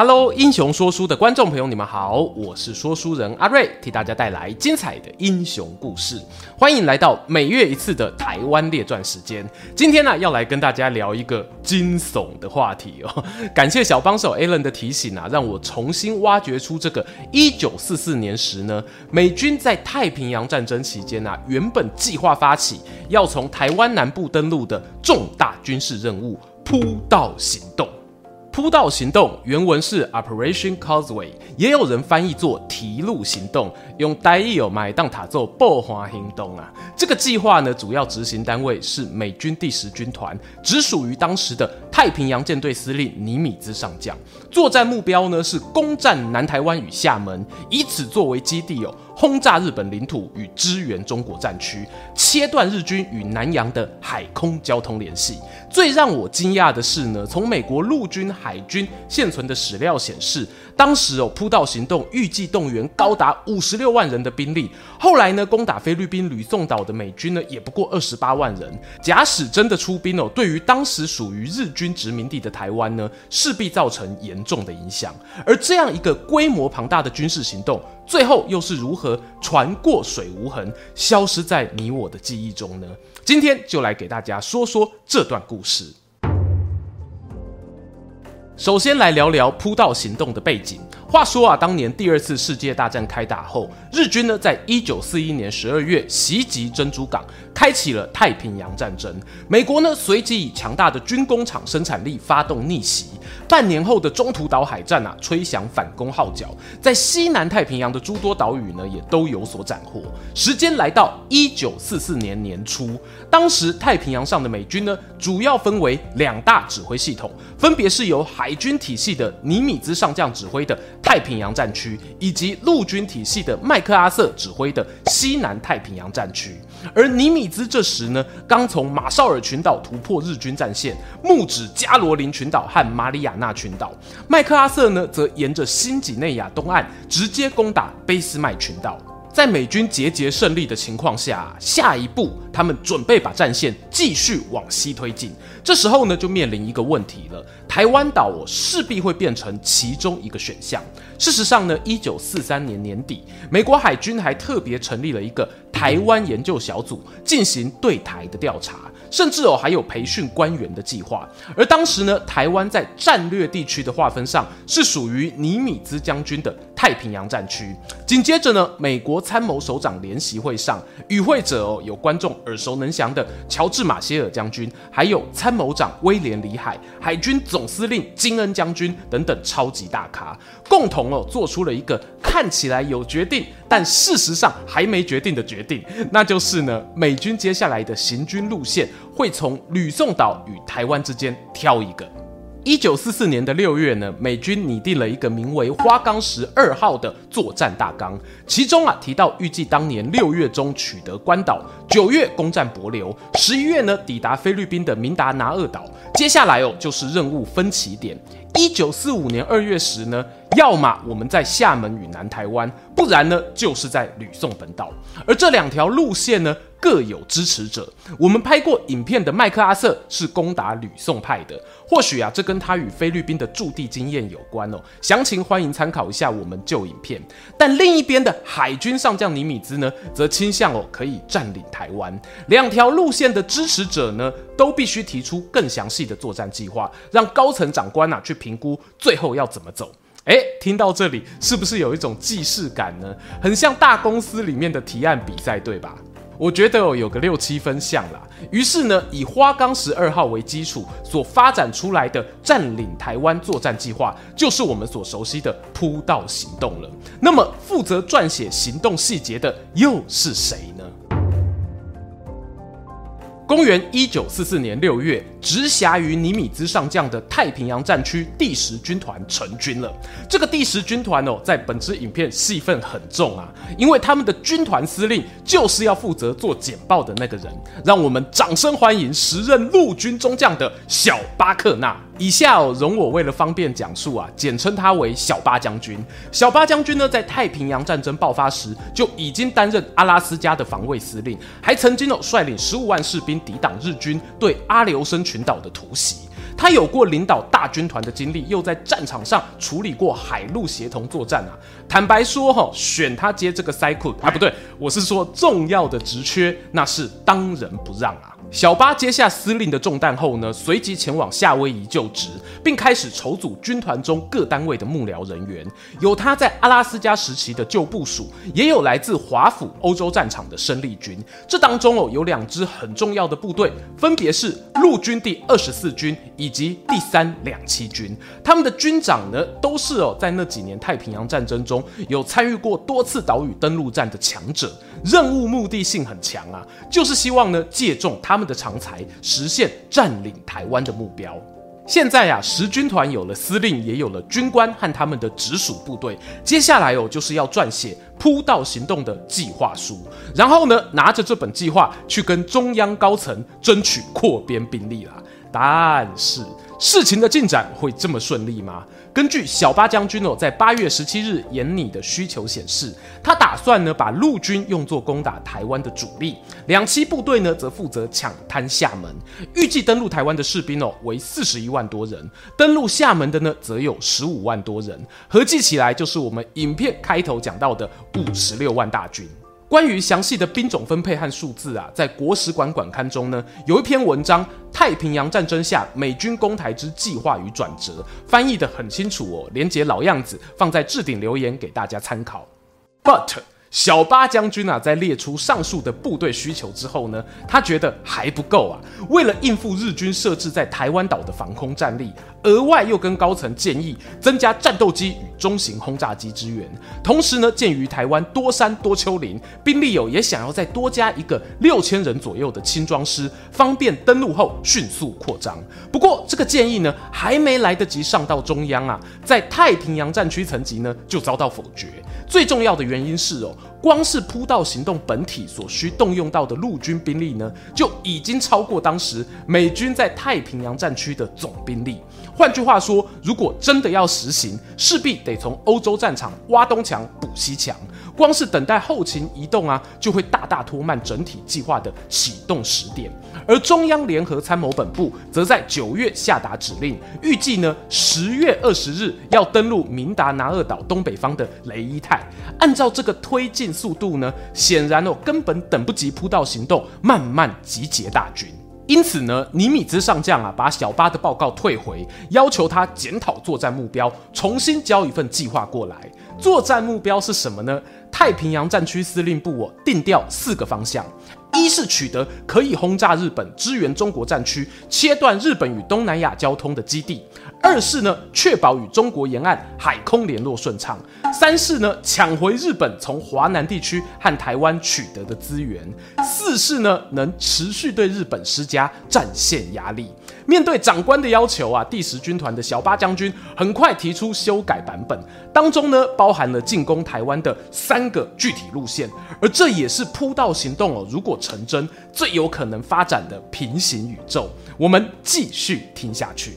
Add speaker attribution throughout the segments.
Speaker 1: Hello，英雄說書的觀眾朋友，你們好，我是說書人阿瑞，替大家帶來精彩的英雄故事。歡迎來到每月一次的台灣列傳時間。今天呢、啊，要來跟大家聊一個驚悚的話題哦。感謝小幫手 Alan 的提醒啊，讓我重新挖掘出這個一九四四年時呢，美軍在太平洋戰爭期間呢、啊，原本計劃發起要從台灣南部登陸的重大軍事任務——鋪道行動。鋪道行動原文是 Operation Causeway，也有人翻譯做提路行動，用台語有買當塔做爆花行動啊。這個計劃呢，主要執行單位是美軍第十軍團，只屬於當時的。太平洋艦隊司令尼米茲上將，作戰目標呢是攻占南台灣與廈門，以此作為基地哦，轟炸日本領土與支援中國戰區，切斷日軍與南洋的海空交通聯繫。最讓我驚訝的是呢，從美國陸軍、海軍現存的史料顯示，當時哦，鋪道行動預計動員高達五十六萬人的兵力，後來呢，攻打菲律賓呂宋島的美軍呢也不過二十八萬人。假使真的出兵哦，對於當時屬於日軍。軍殖民地的台灣呢，勢必造成嚴重的影響。而這樣一個規模龐大的軍事行動，最後又是如何船過水無痕，消失在你我的記憶中呢？今天就來給大家說說這段故事。首先來聊聊鋪道行動的背景。話說啊，當年第二次世界大戰開打後，日軍呢，在一九四一年十二月襲擊珍珠港，開啟了太平洋戰爭。美國呢，隨即以強大的軍工廠生產力發動逆襲。半年後的中途島海戰啊，吹響反攻號角，在西南太平洋的諸多島嶼呢，也都有所斬獲。時間來到一九四四年年初，當時太平洋上的美軍呢，主要分為兩大指揮系統，分別是由海軍體系的尼米茲上將指揮的太平洋戰區以及陸軍體系的麥克阿瑟指揮的西南太平洋戰區，而尼米茲這時呢，剛從馬紹爾群島突破日軍戰線，目指加羅林群島和馬里亞納群島。麥克阿瑟呢，則沿着新幾內亞東岸直接攻打俾斯麥群島。在美軍節節勝利的情況下，下一步他們準備把戰線繼續往西推進。這時候呢，就面臨一個問題了：台灣島哦，勢必會變成其中一個選項。事實上呢，一九四三年年底，美國海軍還特別成立了一個台灣研究小組，進行對台的調查，甚至哦還有培訓官員的計劃。而當時呢，台灣在戰略地區的劃分上是屬於尼米茲將軍的太平洋戰區。緊接着呢，美國參謀首長聯席會上，與會者、哦、有觀眾耳熟能詳的喬治馬歇爾將軍，還有參謀長威廉李海、海軍總司令金恩將軍等等超級大咖，共同、哦、做出了一個看起來有決定，但事實上還沒決定的決定，那就是呢，美軍接下來的行軍路線會從呂宋島與台灣之間挑一個。一九四四年的六月呢，美軍擬定了一個名為“花崗石二號”的作戰大綱，其中啊提到預計當年六月中取得關島，九月攻占帛琉，十一月呢抵達菲律賓的民答那峨島。接下來哦，就是任務分歧點。一九四五年二月時呢，要麼我們在廈門與南台灣，不然呢就是在呂宋本島。而這兩條路線呢，各有支持者。我們拍過影片的麥克阿瑟是攻打呂宋派的，或許啊，這跟他與菲律賓的駐地經驗有關哦。詳情歡迎參考一下我們舊影片。但另一邊的海軍上將尼米茲呢，則傾向哦，可以占領台灣。兩條路線的支持者呢，都必須提出更詳細的作戰計劃，讓高層長官啊去評估最後要怎麼走。誒，聽到這裡是不是有一種既視感呢？很像大公司裡面的提案比賽，對吧？我覺得有個六七分像啦。於是呢，以花崗十二號為基礎所發展出來的佔領台灣作戰計劃，就是我們所熟悉的鋪道行動了。那麼，負責撰寫行動細節的又是誰呢？公元一九四四年六月。直轄於尼米茲上將的太平洋戰區第十軍團成軍了。這個第十軍團哦，在本支影片戲份很重啊，因為他們的軍團司令就是要負責做簡報的那個人。讓我們掌聲歡迎時任陸軍中將的小巴克納。以下哦，容我為了方便講述啊，簡稱他為小巴將軍。小巴將軍呢，在太平洋戰爭爆發時就已經擔任阿拉斯加的防衛司令，還曾經哦率領十五萬士兵抵擋日軍對阿留申群島的突襲，他有過領導大軍團的經歷，又在戰場上處理過海陸協同作戰啊。坦白說，哦，哈，選他接這個 sinecure，啊，不對，我是說重要的職缺，那是當仁不讓啊。小巴接下司令的重擔後呢，隨即前往夏威夷就職，並開始籌組軍團中各單位的幕僚人員。有他在阿拉斯加時期的舊部署，也有來自華府歐洲戰場的生力軍。這當中哦，有兩支很重要的部隊，分別是陸軍第二十四軍以及第三兩棲軍。他們的軍長呢，都是哦，在那幾年太平洋戰爭中有參與過多次島嶼登陸戰的強者。任務目的性很強啊，就是希望呢，借重他們。他們的長才，實現占領台灣的目標。現在啊，十軍團有了司令，也有了軍官和他們的直屬部隊。接下來哦，就是要撰寫鋪道行動的計劃書，然後呢，拿着這本計劃去跟中央高層爭取擴編兵力啦。但是，事情的進展會這麼順利嗎？根據小巴將軍哦，在八月十七日研擬的需求顯示，他打算呢，把陸軍用作攻打台灣的主力，兩棲部隊呢則負責搶灘廈門。預計登陸台灣的士兵哦為四十一萬多人，登陸廈門的呢則有十五萬多人，合計起來就是我們影片開頭講到的五十六萬大軍。關於詳細的兵種分配和數字啊，在國史館館刊中呢，有一篇文章《太平洋戰爭下美軍攻台之計劃與轉折》，翻譯得很清楚哦。連結老樣子放在置頂留言給大家參考。But 小巴將軍啊，在列出上述的部隊需求之後呢，他覺得還不夠啊。為了應付日軍設置在台灣島的防空戰力。額外又跟高層建議增加戰鬥機與中型轟炸機支援，同時呢，鑑於台灣多山多丘陵，兵力有也想要再多加一個六千人左右的輕裝師，方便登陸後迅速擴張。不過這個建議呢，還沒來得及上到中央啊，在太平洋戰區層級呢就遭到否決。最重要的原因是哦，光是鋪道行動本體所需動用到的陸軍兵力呢，就已經超過當時美軍在太平洋戰區的總兵力。換句話說，如果真的要實行，勢必得從歐洲戰場挖東牆補西牆。光是等待後勤移動啊，就會大大拖慢整體計劃的啟動時點。而中央聯合參謀本部則在九月下達指令，預計呢十月二十日要登陸民答那峨島東北方的雷伊泰。按照這個推進速度呢，顯然哦根本等不及鋪道行動，慢慢集結大軍。因此呢，尼米茲上將啊，把小巴的報告退回，要求他檢討作戰目標，重新交一份計劃過來。作戰目標是什麼呢？太平洋戰區司令部哦，我定調四個方向。一是取得可以轟炸日本、支援中國戰區、切斷日本與東南亞交通的基地；二是呢，確保與中國沿岸海空聯絡順暢；三是呢，搶回日本從華南地區和台灣取得的資源；四是呢，能持續對日本施加戰線壓力。面對長官的要求啊，第十軍團的小巴將軍很快提出修改版本，當中呢包含了進攻台灣的三個具體路線，而這也是鋪道行動哦，如果成真，最有可能發展的平行宇宙。我們繼續聽下去。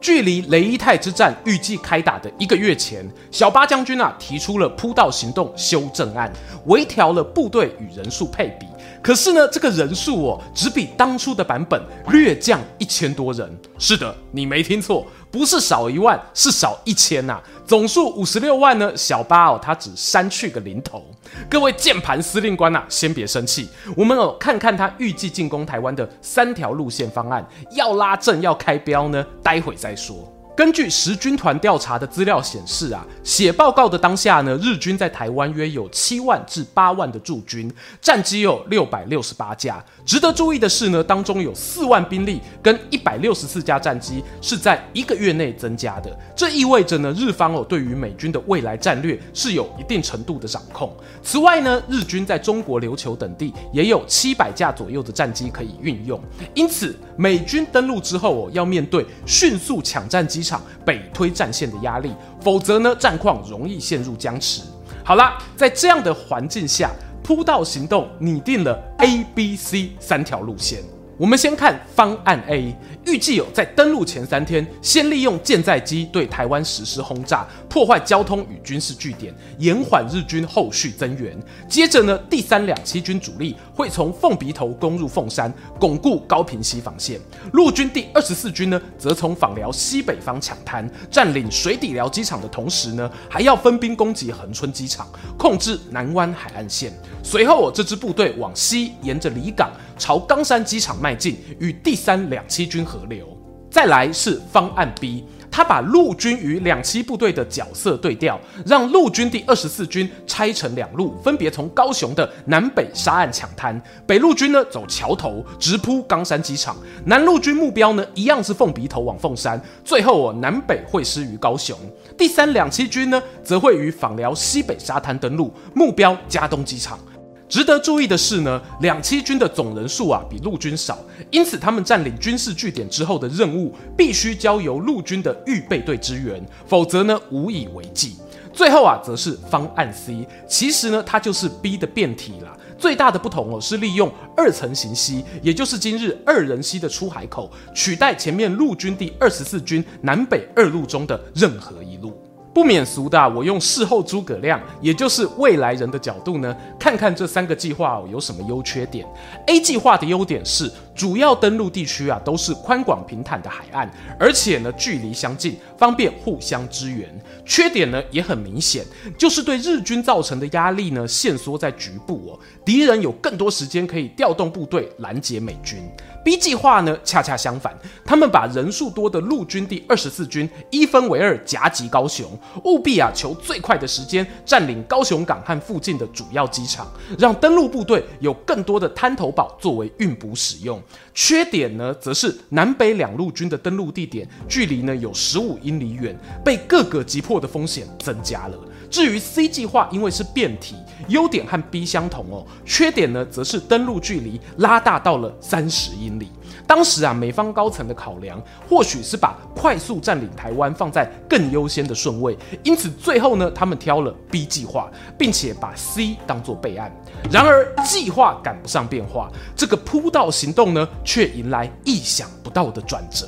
Speaker 1: 距離雷伊泰之戰預計開打的一個月前，小巴將軍啊提出了鋪道行動修正案，微調了部隊與人數配比。可是呢，這個人數哦，只比當初的版本略降一千多人。是的，你沒聽錯，不是少一萬，是少一千吶、啊。總數五十六萬呢，小巴哦，他只刪去個零頭。各位鍵盤司令官吶、啊，先別生氣，我們哦，看看他預計進攻台灣的三條路線方案，要拉正，要開標呢，待會再說。根據十軍團調查的資料顯示，啊，寫報告的當下呢，日軍在台灣約有七萬至八萬的駐軍，戰機有六百六十八架。值得注意的是呢，當中有四萬兵力跟一百六十四架戰機是在一個月內增加的。這意味着呢，日方哦，對於美軍的未來戰略是有一定程度的掌控。此外呢，日軍在中國琉球等地也有七百架左右的戰機可以運用。因此，美軍登陸之後哦，要面對迅速搶占機場。北推戰線的壓力，否則呢，戰況容易陷入僵持。好啦，在這樣的環境下，鋪道行動擬定了 A、B、C 三條路線。我們先看方案 A，預計有在登陸前三天，先利用艦載機對台灣實施轟炸，破壞交通與軍事據點，延緩日軍後續增援。接着呢，第三兩棲軍主力會從鳳鼻頭攻入鳳山，鞏固高屏溪防線。陸軍第二十四軍呢，則從枋寮西北方搶灘，占領水底寮機場的同時呢，還要分兵攻擊恆春機場，控制南灣海岸線。隨後我這支部隊往西，沿着離港。朝岡山機場邁進，與第三兩棲軍合流。再來是方案 B，他把陸軍與兩棲部隊的角色對調，讓陸軍第二十四軍拆成兩路，分別從高雄的南北沙岸搶灘。北陸軍呢走橋頭，直撲岡山機場；南陸軍目標呢一樣是鳳鼻頭往鳳山，最後哦南北會師於高雄。第三兩棲軍呢則會於枋寮西北沙灘登陸，目標佳冬機場。值得注意的是呢，兩棲軍的總人數啊比陸軍少，因此他們占領軍事據點之後的任務必須交由陸軍的預備隊支援，否則呢無以為繼。最後啊，則是方案 C，其實呢它就是 B 的變體啦。最大的不同哦，是利用二層行 c 也就是今日二人 c 的出海口，取代前面陸軍第二十四軍南北二路中的任何一路。不免俗的啊，我用事後諸葛亮，也就是未來人的角度呢，看看這三個計劃哦，有什麼優缺點。A 計劃的優點是主要登陸地區啊都是寬廣平坦的海岸，而且呢距離相近，方便互相支援。缺點呢也很明顯，就是對日軍造成的壓力呢限縮在局部哦，敵人有更多時間可以調動部隊攔截美軍。B 計劃呢，恰恰相反，他們把人數多的陸軍第二十四軍一分為二，夾擊高雄，務必啊求最快的時間占領高雄港和附近的主要機場，讓登陸部隊有更多的灘頭堡作為運補使用。缺點呢，則是南北兩路軍的登陸地點距離呢有十五英里遠，被各個擊破的風險增加了。至於 C 計劃，因為是變體，優點和 B 相同哦，缺點呢，則是登陸距離拉大到了三十英里。當時啊，美方高層的考量，或許是把快速佔領台灣放在更優先的順位，因此最後呢，他們挑了 B 計劃，並且把 C 當做備案。然而，計劃趕不上變化，這個鋪道行動呢，卻迎來意想不到的轉折。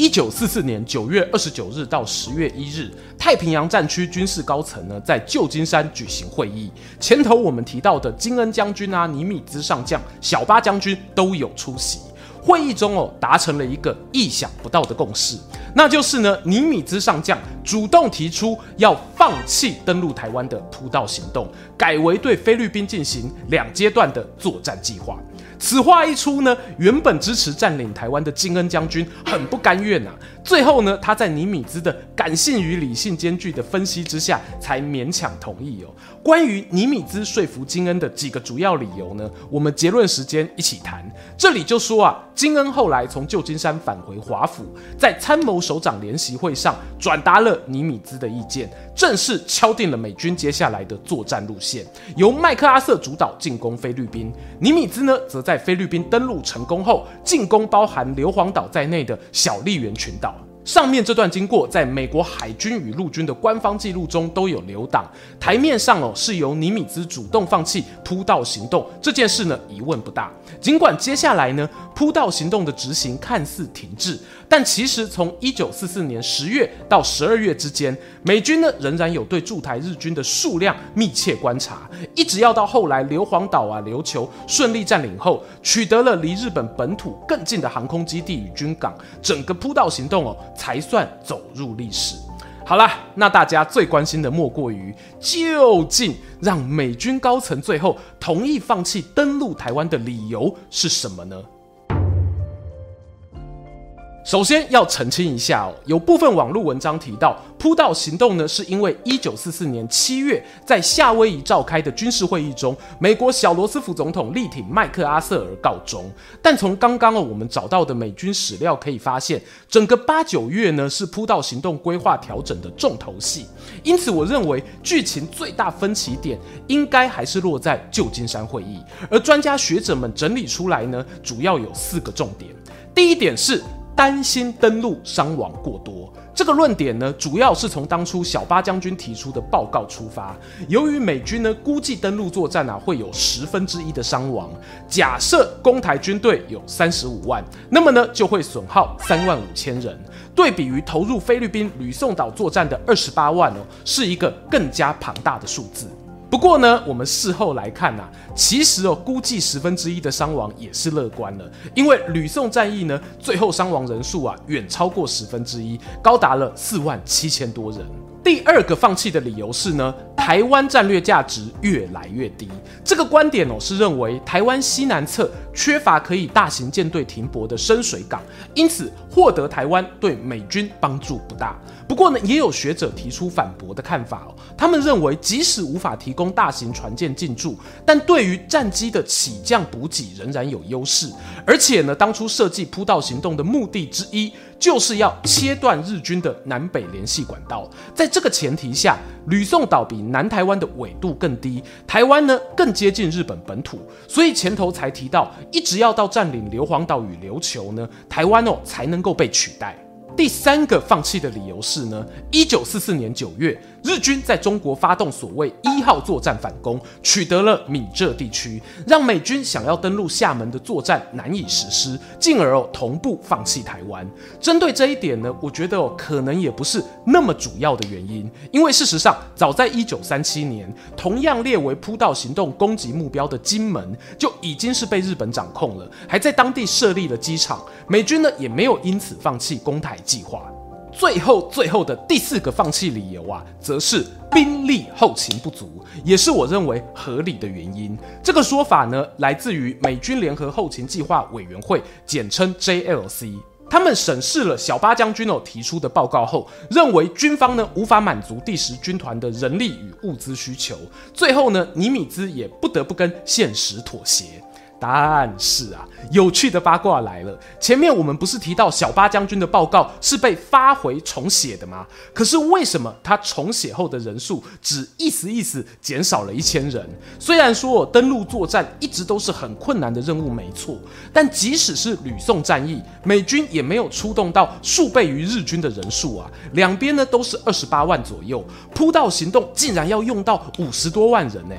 Speaker 1: 一九四四年九月二十九日到十月一日，太平洋戰區軍事高層呢，在舊金山舉行會議。前頭我們提到的金恩將軍啊、尼米茲上將、小巴將軍都有出席。會議中哦，達成了一個意想不到的共識，那就是呢，尼米茲上將主動提出要放棄登陸台灣的鋪道行動，改為對菲律賓進行兩階段的作戰計劃。此話一出呢，原本支持佔領台灣的金恩將軍很不甘願吶。最後呢，他在尼米茲的感性與理性兼具的分析之下，才勉強同意哦。關於尼米茲說服金恩的幾個主要理由呢，我們結論時間一起談。這裡就說啊，金恩後來從舊金山返回華府，在參謀首長聯席會上轉達了尼米茲的意見，正式敲定了美軍接下來的作戰路線，由麥克阿瑟主導進攻菲律賓，尼米茲呢，則在菲律賓登陸成功後，進攻包含硫磺島在內的小笠原群島。上面這段經過，在美國海軍與陸軍的官方記錄中都有留檔。台面上哦，是由尼米茲主動放棄鋪道行動這件事呢，疑問不大。儘管接下來呢，鋪道行動的執行看似停滯，但其實從一九四四年十月到十二月之間，美軍呢仍然有對駐台日軍的數量密切觀察，一直要到後來硫磺島啊、琉球順利佔領後，取得了離日本本土更近的航空基地與軍港，整個鋪道行動哦才算走入歷史。好了，那大家最關心的莫過於，究竟讓美軍高層最後同意放棄登陸台灣的理由是什麼呢？首先要澄清一下哦，有部分網絡文章提到鋪道行動呢，是因為一九四四年七月在夏威夷召開的軍事會議中，美國小羅斯福總統力挺麥克阿瑟而告終。但從剛剛、哦、我們找到的美軍史料可以發現，整個八九月呢是鋪道行動規劃調整的重頭戲。因此，我認為劇情最大分歧點應該還是落在舊金山會議，而專家學者們整理出來呢，主要有四個重點。第一點是，擔心登陸傷亡過多，這個論點呢，主要是從當初小巴將軍提出的報告出發。由於美軍呢估計登陸作戰啊會有十分之一的傷亡，假設攻台軍隊有三十五萬，那麼呢就會損耗三萬五千人，對比於投入菲律賓、呂宋島作戰的二十八萬哦，是一個更加龐大的數字。不過呢，我們事後來看吶、啊，其實哦，估計十分之一的傷亡也是樂觀的，因為呂宋戰役呢，最後傷亡人數啊，遠超過十分之一，高達了四萬七千多人。第二個放棄的理由是呢，台灣戰略價值越來越低。這個觀點哦是認為台灣西南側缺乏可以大型艦隊停泊的深水港，因此獲得台灣對美軍幫助不大。不過呢，也有學者提出反駁的看法哦。他們認為，即使無法提供大型船艦進駐，但對於戰機的起降補給仍然有優勢。而且呢，當初設計鋪道行動的目的之一。就是要切斷日軍的南北聯繫管道，在這個前提下，呂宋島比南台灣的緯度更低，台灣呢更接近日本本土，所以前頭才提到，一直要到佔領硫磺島與琉球呢，台灣哦才能夠被取代。第三個放棄的理由是呢，1944年9月。日軍在中國發動所謂一號作戰反攻，取得了閩浙地區，讓美軍想要登陸廈門的作戰難以實施，進而哦同步放棄台灣。針對這一點呢，我覺得哦可能也不是那麼主要的原因，因為事實上早在一九三七年，同樣列為鋪道行動攻擊目標的金門就已經是被日本掌控了，還在當地設立了機場，美軍呢也沒有因此放棄攻台計劃。最後，最後的第四個放棄理由啊，則是兵力後勤不足，也是我認為合理的原因。這個說法呢，來自於美軍聯合後勤計劃委員會，簡稱 JLC。他們審視了小巴將軍哦提出的報告後，認為軍方呢無法滿足第十軍團的人力與物資需求。最後呢，尼米茲也不得不跟現實妥協。但是啊，有趣的八卦來了。前面我們不是提到小巴將軍的報告是被發回重寫的嗎？可是為什麼他重寫後的人數只意思意思減少了一千人？雖然說登陸作戰一直都是很困難的任務，沒錯，但即使是呂宋戰役，美軍也沒有出動到數倍於日軍的人數啊。兩邊呢都是二十八萬左右，鋪道行動竟然要用到五十多萬人呢。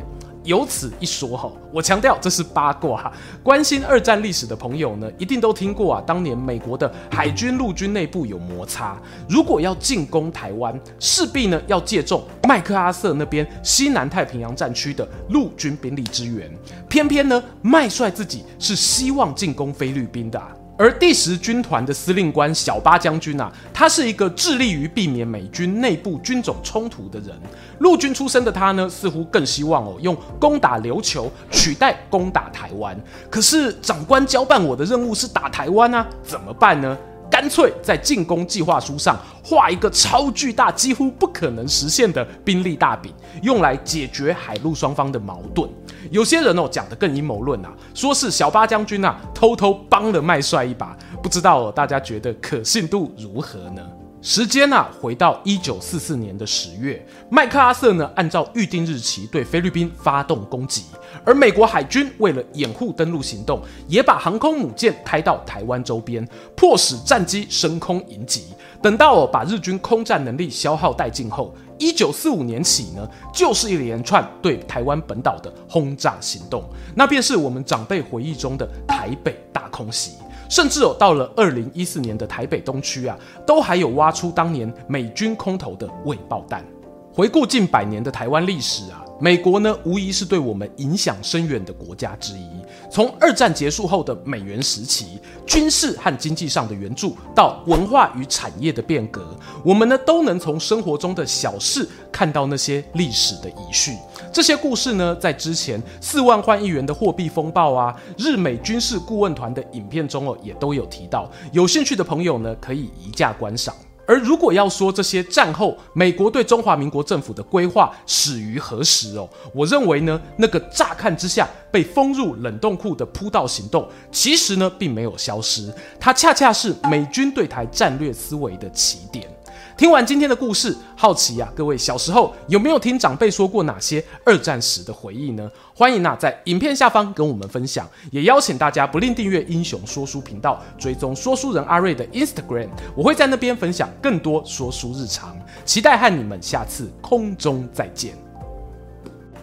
Speaker 1: 由此一說哈，我強調這是八卦。關心二戰歷史的朋友呢，一定都聽過啊。當年美國的海軍、陸軍內部有摩擦，如果要進攻台灣，勢必呢要借助麥克阿瑟那邊西南太平洋戰區的陸軍兵力支援。偏偏呢，麥帥自己是希望進攻菲律賓的啊。而第十軍團的司令官小巴將軍啊，他是一個致力於避免美軍內部軍種衝突的人。陸軍出身的他呢，似乎更希望哦，用攻打琉球取代攻打台灣。可是長官交辦我的任務是打台灣啊，怎麼辦呢？乾脆在進攻計劃書上畫一個超巨大、幾乎不可能實現的兵力大餅，用來解決海陸雙方的矛盾。有些人哦講得更陰謀論啊，說是小巴將軍啊偷偷幫了麥帥一把，不知道哦大家覺得可信度如何呢？時間啊，回到一九四四年的十月，麥克阿瑟呢按照預定日期對菲律賓發動攻擊，而美國海軍為了掩護登陸行動，也把航空母艦開到台灣周邊，迫使戰機升空迎擊。等到、哦、把日軍空戰能力消耗殆盡後，一九四五年起呢，就是一連串對台灣本島的轟炸行動，那便是我們長輩回憶中的台北大空襲。甚至有到了二零一四年的台北東區啊，都還有挖出當年美軍空投的未爆彈。回顧近百年的台灣歷史啊，美國呢，無疑是對我們影響深遠的國家之一。從二戰結束後的美援時期，軍事和經濟上的援助，到文化與產業的變革，我們呢都能從生活中的小事看到那些歷史的遺緒。這些故事呢，在之前四萬換一元的貨幣風暴啊，日美軍事顧問團的影片中哦，也都有提到。有興趣的朋友呢，可以移駕觀賞。而如果要說這些戰後美國對中華民國政府的規劃始於何時哦，我認為呢，那個乍看之下被封入冷凍庫的鋪道行動，其實呢並沒有消失，它恰恰是美軍對台戰略思維的起點。聽完今天的故事，好奇啊，各位小時候有沒有聽長輩說過哪些二戰時的回憶呢？歡迎啊，在影片下方跟我們分享，也邀請大家不吝訂閱英雄說書頻道，追蹤說書人阿睿的 Instagram，我會在那邊分享更多說書日常，期待和你們下次空中再見。